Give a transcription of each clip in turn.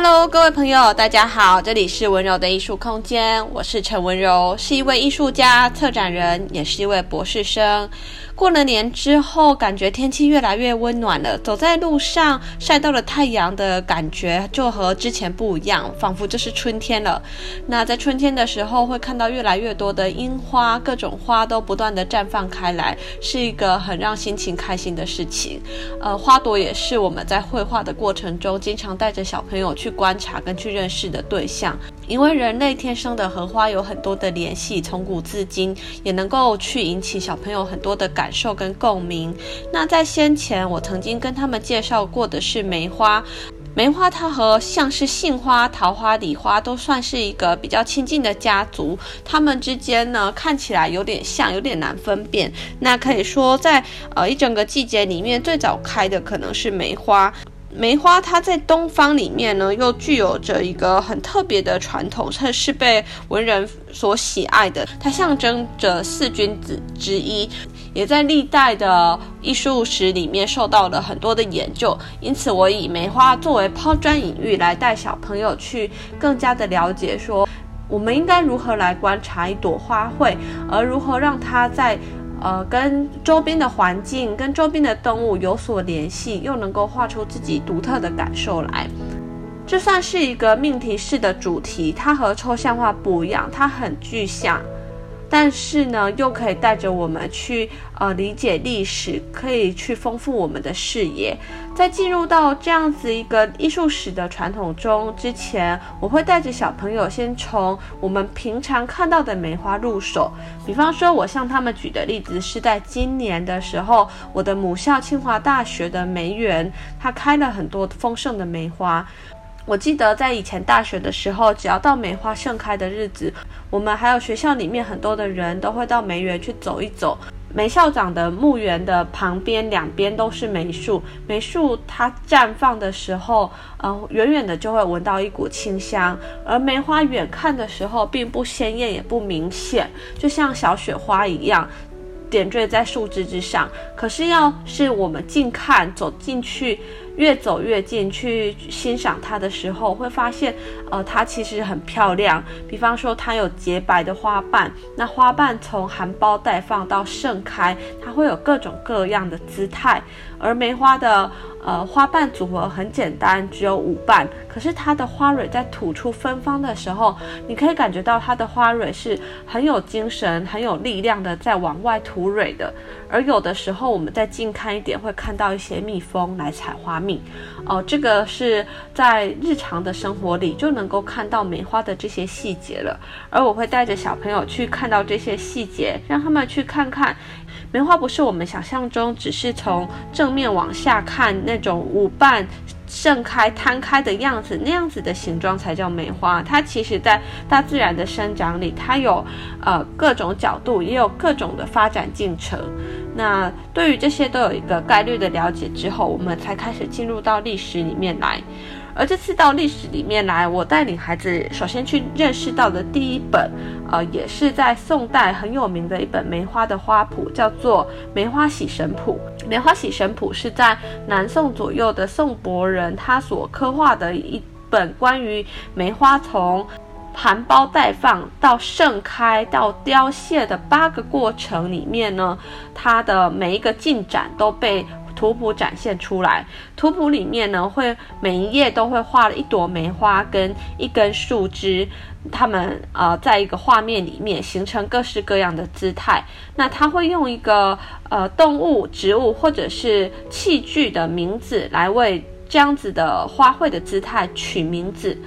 Hello，各位朋友，大家好，這裡是文柔的藝術空間，我是陳文柔，是一位藝術家、策展人，也是一位博士生。過了年之後，感覺天氣越來越溫暖了。走在路上，曬到了太陽的感覺就和之前不一樣，仿佛就是春天了。那在春天的時候，會看到越來越多的櫻花，各種花都不斷的綻放開來，是一個很讓心情開心的事情。呃，花朵也是我們在繪畫的過程中，經常帶着小朋友去觀察跟去認識的對象，因為人類天生的和花有很多的聯繫，從古至今也能夠去引起小朋友很多的感。感受跟共鳴。那在先前，我曾經跟他們介紹過的是梅花。梅花它和像是杏花、桃花、李花都算是一個比較親近的家族。它們之間呢，看起來有點像，有點難分辨。那可以說在，在呃一整個季節裡面，最早開的可能是梅花。梅花它在東方裡面呢，又具有着一個很特別的傳統，它是被文人所喜愛的，它象徵着四君子之一，也在歷代的藝術史裡面受到了很多的研究。因此，我以梅花作為拋磚引玉，來帶小朋友去更加的了解，說我們應該如何來觀察一朵花卉，而如何讓它在。呃，跟周邊的環境、跟周邊的動物有所聯繫，又能夠畫出自己獨特的感受來，這算是一個命題式的主題。它和抽象畫不一樣，它很具象。但是呢，又可以帶着我們去呃理解歷史，可以去豐富我們的視野。在進入到這樣子一個藝術史的傳統中之前，我會帶着小朋友先從我們平常看到的梅花入手。比方說，我向他們舉的例子是在今年的時候，我的母校清華大學的梅園，它開了很多豐盛的梅花。我記得在以前大學的時候，只要到梅花盛開的日子，我們還有學校裡面很多的人都會到梅園去走一走。梅校長的墓園的旁邊兩邊都是梅樹，梅樹它綻放的時候，嗯、呃，遠遠的就會聞到一股清香。而梅花遠看的時候，並不鮮豔，也不明顯，就像小雪花一樣。點綴在樹枝之上，可是要是我們近看，走進去，越走越近去欣賞它的時候，會發現，呃，它其實很漂亮。比方說，它有潔白的花瓣，那花瓣從含苞待放到盛開，它會有各種各樣的姿態。而梅花的呃花瓣組合很簡單，只有五瓣。可是它的花蕊在吐出芬芳的時候，你可以感覺到它的花蕊是很有精神、很有力量的在往外吐蕊的。而有的時候，我們再近看一點，會看到一些蜜蜂來採花蜜。哦、呃，這個是在日常的生活裡就能夠看到梅花的這些細節了。而我會帶着小朋友去看到這些細節，讓他們去看看。梅花不是我們想象中，只是從正面往下看那種五瓣盛開、攤開的樣子，那樣子的形狀才叫梅花。它其實，在大自然的生長裡，它有呃各種角度，也有各種的發展進程。那對於這些都有一個概率的了解之後，我們才開始進入到歷史裡面來。而這次到歷史裡面來，我帶領孩子首先去認識到的第一本，呃，也是在宋代很有名的一本梅花的花譜，叫做《梅花喜神譜》。《梅花喜神譜》是在南宋左右的宋伯仁他所刻畫的一本關於梅花從含苞待放到盛開到凋謝的八個過程裡面呢，它的每一個進展都被圖譜展現出來，圖譜裡面呢，會每一頁都會畫了一朵梅花跟一根樹枝，它們啊、呃、在一個畫面裡面形成各式各樣的姿態。那它會用一個呃動物、植物或者是器具的名字來為這樣子的花卉的姿態取名字。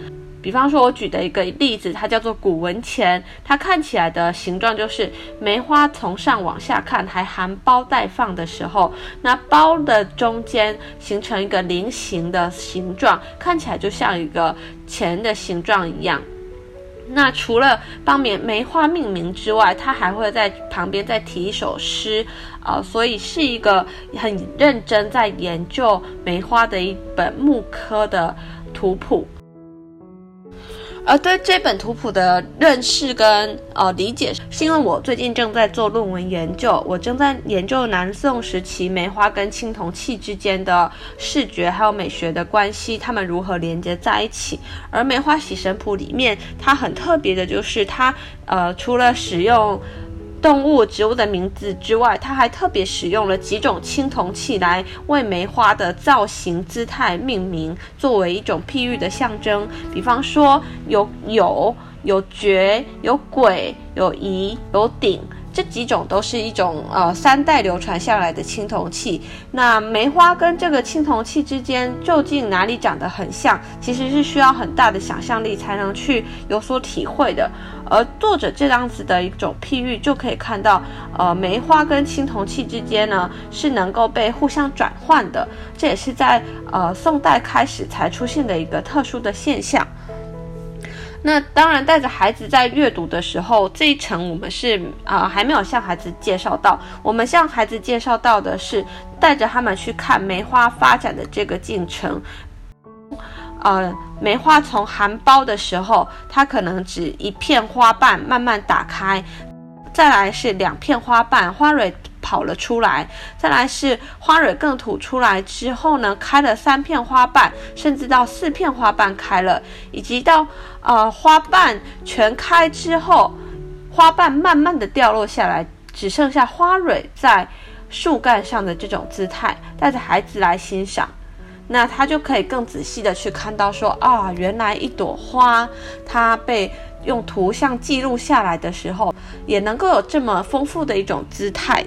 比方說，我舉的一個例子，它叫做古文錢。它看起來的形狀就是梅花，從上往下看還含苞待放的時候，那苞的中間形成一個菱形的形狀，看起來就像一個錢的形狀一樣。那除了幫面梅花命名之外，他還會在旁邊再題一首詩，啊、呃，所以是一個很認真在研究梅花的一本木刻的圖譜。而對這本圖譜的認識跟呃理解，是因為我最近正在做論文研究，我正在研究南宋時期梅花跟青銅器之間的視覺還有美學的關係，它們如何連接在一起。而《梅花喜神譜》裡面，它很特別的就是它呃，除了使用。動物、植物的名字之外，它還特別使用了幾種青銅器來為梅花的造型姿態命名，作為一種譬喻的象徵。比方說，有有有爵、有鬼、有疑、有鼎。這幾種都是一種呃三代流傳下來的青銅器。那梅花跟這個青銅器之間究竟哪裡長得很像？其實是需要很大的想象力才能去有所體會的。而作者這樣子的一種譬喻，就可以看到，呃，梅花跟青銅器之間呢是能夠被互相轉換的。這也是在呃宋代開始才出現的一個特殊的現象。那當然，帶着孩子在閱讀的時候，這一層我們是啊、呃、還沒有向孩子介紹到。我們向孩子介紹到的是，帶着他們去看梅花發展的這個進程。呃，梅花從含苞的時候，它可能只一片花瓣慢慢打開，再來是兩片花瓣，花蕊。跑了出來，再來是花蕊更吐出來之後呢，開了三片花瓣，甚至到四片花瓣開了，以及到啊、呃、花瓣全開之後，花瓣慢慢的掉落下來，只剩下花蕊在樹幹上的這種姿態，帶着孩子來欣賞，那他就可以更仔細的去看到說啊，原來一朵花它被用圖像記錄下來的時候，也能夠有這麼豐富的一種姿態。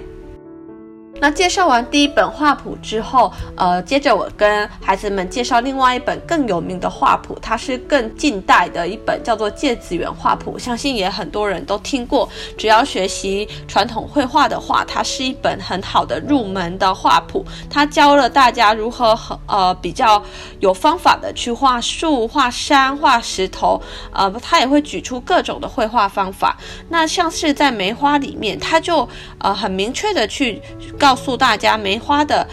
那介紹完第一本畫譜之後，呃，接着我跟孩子們介紹另外一本更有名的畫譜，它是更近代的一本，叫做《芥子園畫譜》，相信也很多人都聽過。只要學習傳統繪畫的話，它是一本很好的入門的畫譜，它教了大家如何很呃比較有方法的去畫樹、畫山、畫石頭，呃，它也會舉出各種的繪畫方法。那像是在梅花裡面，它就呃很明確的去告。告訴大家，梅花的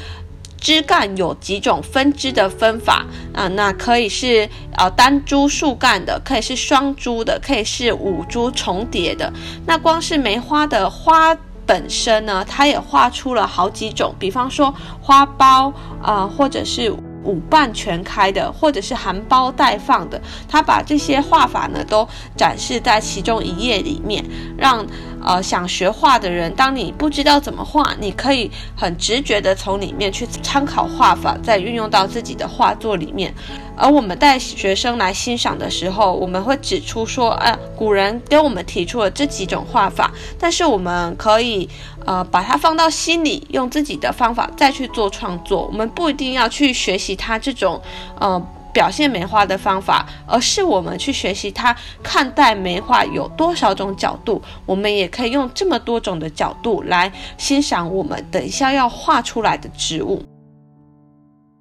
枝幹有幾種分支的分法啊？那可以是呃單株樹幹的，可以是雙株的，可以是五株重疊的。那光是梅花的花本身呢，它也畫出了好幾種，比方說花苞啊，呃，或者是。五瓣全開的，或者是含苞待放的。他把這些畫法呢都展示在其中一頁裡面，讓呃想學畫的人，當你不知道怎麼畫，你可以很直覺的從裡面去參考畫法，再運用到自己的畫作裡面。而我們帶學生來欣賞的時候，我們會指出說，哎、呃，古人給我們提出了這幾種畫法，但是我們可以。呃，把它放到心裡，用自己的方法再去做創作。我們不一定要去學習他這種呃表現梅花的方法，而是我們去學習他看待梅花有多少種角度。我們也可以用這麼多種的角度來欣賞我們等一下要畫出來的植物。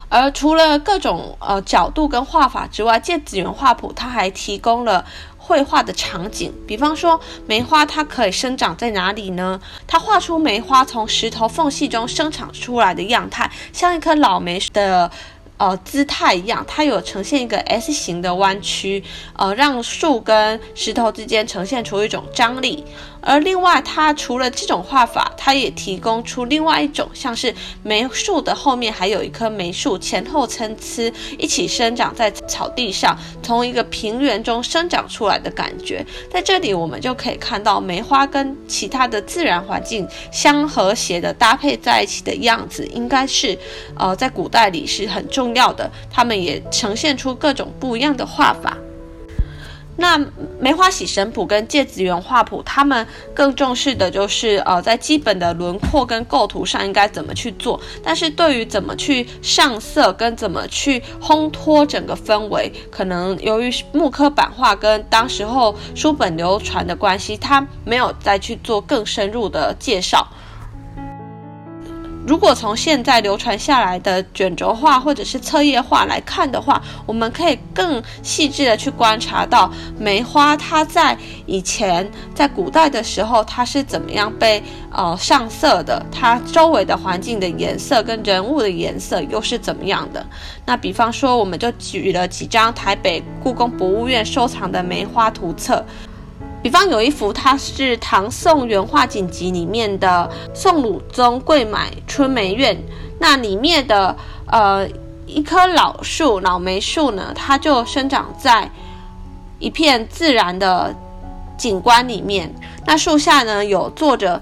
而除了各種呃角度跟畫法之外，《芥子園畫譜》它還提供了繪畫的場景，比方說梅花，它可以生長在哪裡呢？它畫出梅花從石頭縫隙中生長出來的樣態，像一棵老梅的，呃，姿態一樣，它有呈現一個 S 型的彎曲，呃，讓樹跟石頭之間呈現出一種張力。而另外，它除了這種畫法，它也提供出另外一種，像是梅樹的後面還有一棵梅樹，前後參差一起生長在草地上，從一個平原中生長出來的感覺。在這裡，我們就可以看到梅花跟其他的自然環境相和諧的搭配在一起的樣子，應該是，呃，在古代裡是很重要的。他們也呈現出各種不一樣的畫法。那《梅花喜神譜》跟《芥子園畫譜》，他們更重視的就是呃，在基本的輪廓跟構圖上應該怎麼去做。但是對於怎麼去上色跟怎麼去烘托整個氛圍，可能由於木刻版畫跟當時候書本流傳的關係，他沒有再去做更深入的介紹。如果從現在流傳下來的卷軸畫或者是冊頁畫來看的話，我們可以更細緻的去觀察到梅花，它在以前在古代的時候它是怎麼樣被呃上色的，它周圍的環境的顏色跟人物的顏色又是怎麼樣的？那比方說，我們就舉了幾張台北故宮博物院收藏的梅花圖冊。比方有一幅，它是《唐宋元畫景集》裡面的《宋魯宗貴買春梅院》，那裡面的呃一棵老樹老梅樹呢，它就生長在一片自然的景觀裡面。那樹下呢有坐着、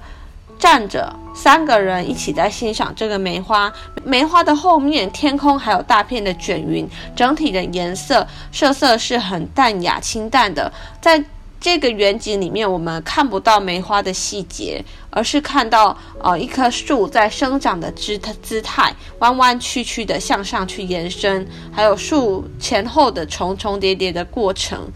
站着三個人一起在欣賞這個梅花。梅花的後面天空還有大片的卷雲，整體的顏色色色是很淡雅清淡的，在。這個遠景裡面，我們看不到梅花的細節，而是看到、呃、一棵樹在生長的姿姿態，彎彎曲曲的向上去延伸，還有樹前後的重重疊疊的過程。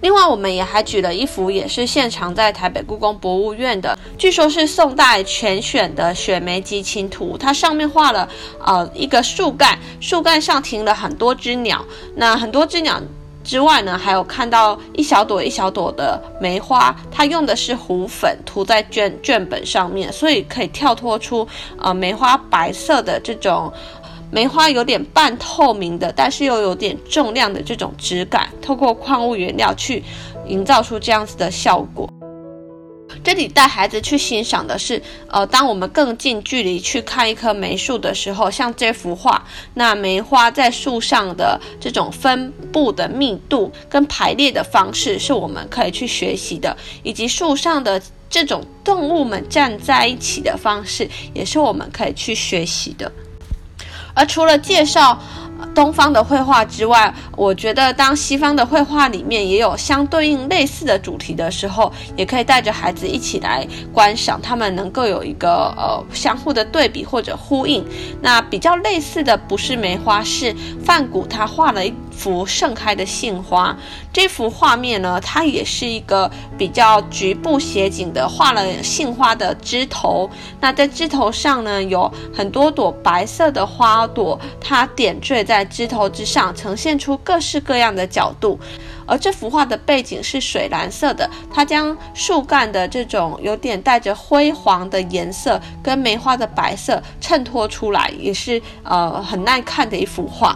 另外，我們也還舉了一幅，也是現藏在台北故宮博物院的，據說是宋代錢選的《雪梅集禽圖》，它上面畫了呃一個樹幹，樹幹上停了很多隻鳥，那很多隻鳥。之外呢，還有看到一小朵一小朵的梅花，它用的是胡粉塗在絹絹本上面，所以可以跳脫出啊、呃、梅花白色的這種梅花有點半透明的，但是又有點重量的這種質感，透過礦物原料去營造出這樣子的效果。這裡帶孩子去欣賞的是，呃，當我們更近距離去看一棵梅樹的時候，像這幅畫，那梅花在樹上的這種分布的密度跟排列的方式是我們可以去學習的，以及樹上的這種動物們站在一起的方式也是我們可以去學習的。而除了介紹。東方的繪畫之外，我覺得當西方的繪畫裡面也有相對應類似的主題的時候，也可以帶着孩子一起來觀賞，他們能夠有一個呃相互的對比或者呼應。那比較類似的不是梅花，是梵谷他畫了一。幅盛開的杏花，這幅畫面呢，它也是一個比較局部寫景的，畫了杏花的枝頭。那在枝頭上呢，有很多朵白色的花朵，它點綴在枝頭之上，呈現出各式各樣的角度。而這幅畫的背景是水藍色的，它將樹幹的這種有點帶着灰黃的顏色跟梅花的白色襯託出來，也是呃很耐看的一幅畫。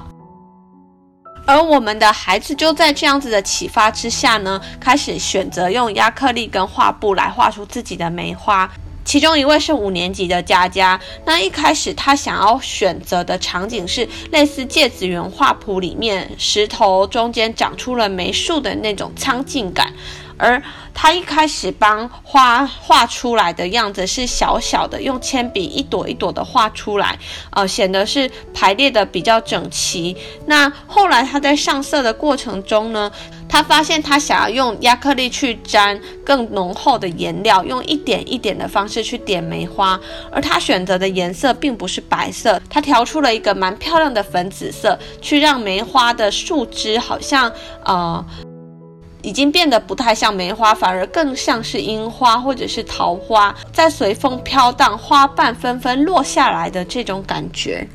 而我們的孩子就在這樣子的啟發之下呢，開始選擇用壓克力跟畫布來畫出自己的梅花。其中一位是五年級的佳佳，那一開始他想要選擇的場景是類似《芥子園畫譜》裡面石頭中間長出了梅樹的那種蒼勁感。而他一開始幫花畫出來的樣子是小小的，用鉛筆一朵一朵的畫出來，呃，顯得是排列的比較整齊。那後來他在上色的過程中呢，他發現他想要用壓克力去沾更濃厚的顏料，用一點一點的方式去點梅花。而他選擇的顏色並不是白色，他調出了一個蠻漂亮的粉紫色，去讓梅花的樹枝好像呃。已經變得不太像梅花，反而更像是櫻花或者是桃花，在隨風飄盪、花瓣紛紛落下來的這種感覺。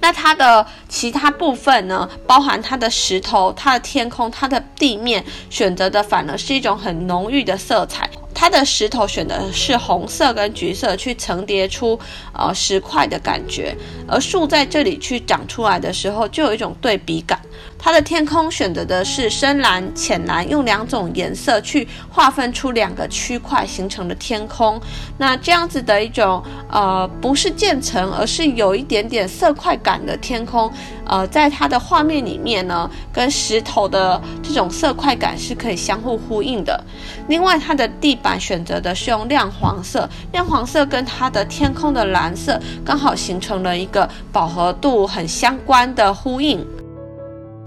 那它的其他部分呢？包含它的石頭、它的天空、它的地面，選擇的反而是一種很濃郁的色彩。它的石頭選的是紅色跟橘色，去層疊出呃石塊的感覺。而樹在這裡去長出來的時候，就有一種對比感。它的天空選擇的是深藍、淺藍，用兩種顏色去劃分出兩個區塊形成的天空。那這樣子的一種，呃，不是漸層，而是有一點點色塊感的天空。呃，在它的畫面裡面呢，跟石頭的這種色塊感是可以相互呼應的。另外，它的地板選擇的是用亮黃色，亮黃色跟它的天空的藍色剛好形成了一個飽和度很相關的呼應。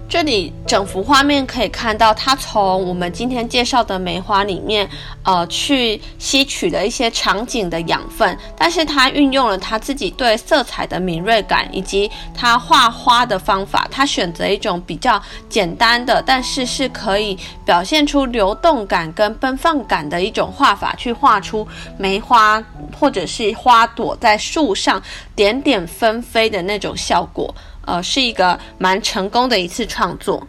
這裡整幅畫面可以看到，他從我們今天介紹的梅花裡面，呃，去吸取了一些場景的養分，但是他運用了他自己對色彩的敏銳感，以及他畫花的方法，他選擇一種比較簡單的，但是是可以表現出流動感跟奔放感的一種畫法，去畫出梅花或者是花朵在樹上點點紛飛的那種效果。呃，是一個蠻成功的一次創作，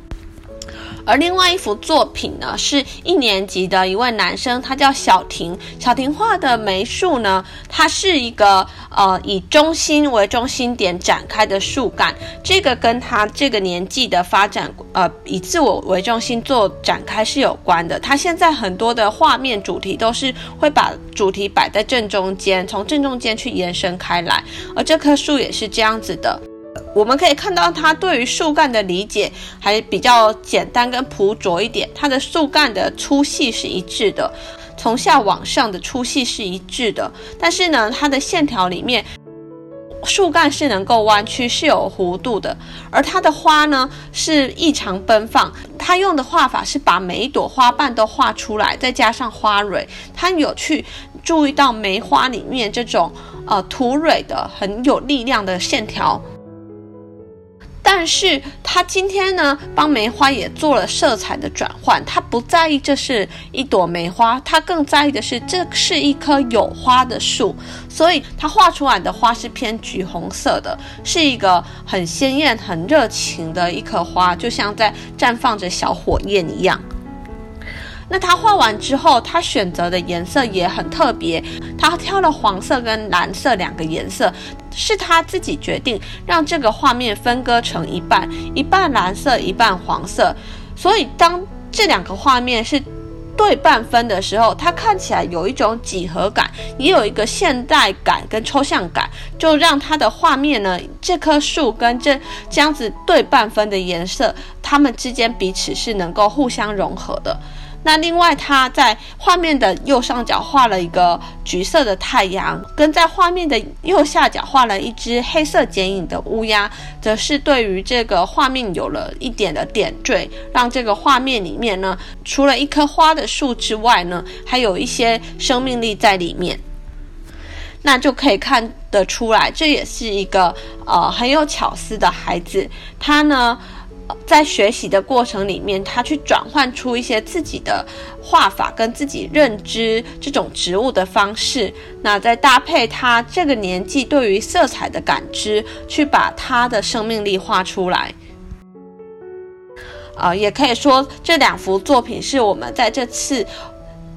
而另外一幅作品呢，是一年級的一位男生，他叫小婷。小婷畫的梅樹呢，它是一個呃以中心為中心點展開的樹幹。這個跟他這個年紀的發展，呃以自我為中心做展開是有關的。他現在很多的畫面主題都是會把主題擺在正中間，從正中間去延伸開來，而這棵樹也是這樣子的。我們可以看到，它對於樹幹的理解還比較簡單跟樸拙一點。它的樹幹的粗細是一致的，從下往上的粗細是一致的。但是呢，它的線條裡面，樹幹是能夠彎曲，是有弧度的。而它的花呢，是異常奔放。它用的畫法是把每一朵花瓣都畫出來，再加上花蕊。它有去注意到梅花裡面這種呃土蕊的很有力量的線條。但是他今天呢，幫梅花也做了色彩的轉換。他不在意這是一朵梅花，他更在意的是這是一棵有花的樹。所以，他畫出來的花是偏橘紅色的，是一個很鮮豔、很熱情的一棵花，就像在綻放着小火焰一樣。那他畫完之後，他選擇的顏色也很特別，他挑了黃色跟藍色兩個顏色，是他自己決定，讓這個畫面分割成一半，一半藍色，一半黃色。所以當這兩個畫面是對半分的時候，他看起來有一種幾何感，也有一個現代感跟抽象感，就讓他的畫面呢，這棵樹跟這這樣子對半分的顏色，它們之間彼此是能夠互相融合的。那另外，他在畫面的右上角畫了一個橘色的太陽，跟在畫面的右下角畫了一隻黑色剪影的烏鴉，則是對於這個畫面有了一點的點綴，讓這個畫面裡面呢，除了一棵花的樹之外呢，還有一些生命力在裡面。那就可以看得出來，這也是一個呃很有巧思的孩子，他呢。在學習的過程裡面，他去轉換出一些自己的畫法跟自己認知這種植物的方式，那再搭配他這個年紀對於色彩的感知，去把他的生命力畫出來。啊、呃，也可以說這兩幅作品是我們在這次。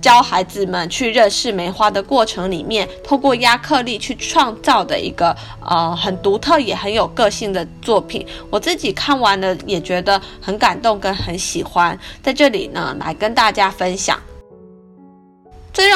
教孩子們去認識梅花的過程裡面，透過壓克力去創造的一個，呃，很獨特也很有個性的作品，我自己看完了也覺得很感動跟很喜歡，在這裡呢，來跟大家分享。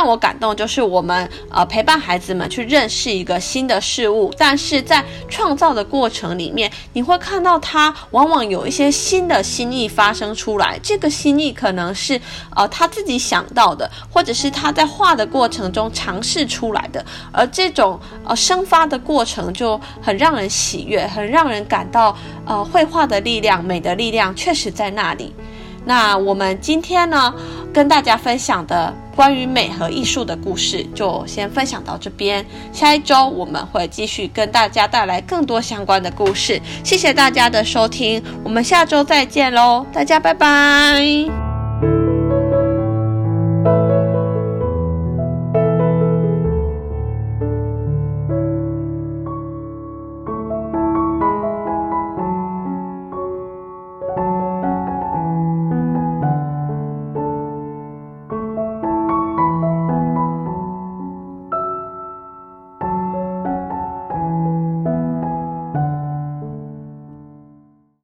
讓我感動，就是我們呃陪伴孩子們去認識一個新的事物，但是在創造的過程裡面，你會看到他往往有一些新的心意發生出來。這個心意可能是呃他自己想到的，或者是他在畫的過程中嘗試出來的。而這種呃生發的過程就很讓人喜悅，很讓人感到呃繪畫的力量、美的力量確實在那裡。那我們今天呢，跟大家分享的關於美和藝術的故事就先分享到這邊。下一周我們會繼續跟大家帶來更多相關的故事。謝謝大家的收聽，我們下周再見嘍，大家拜拜。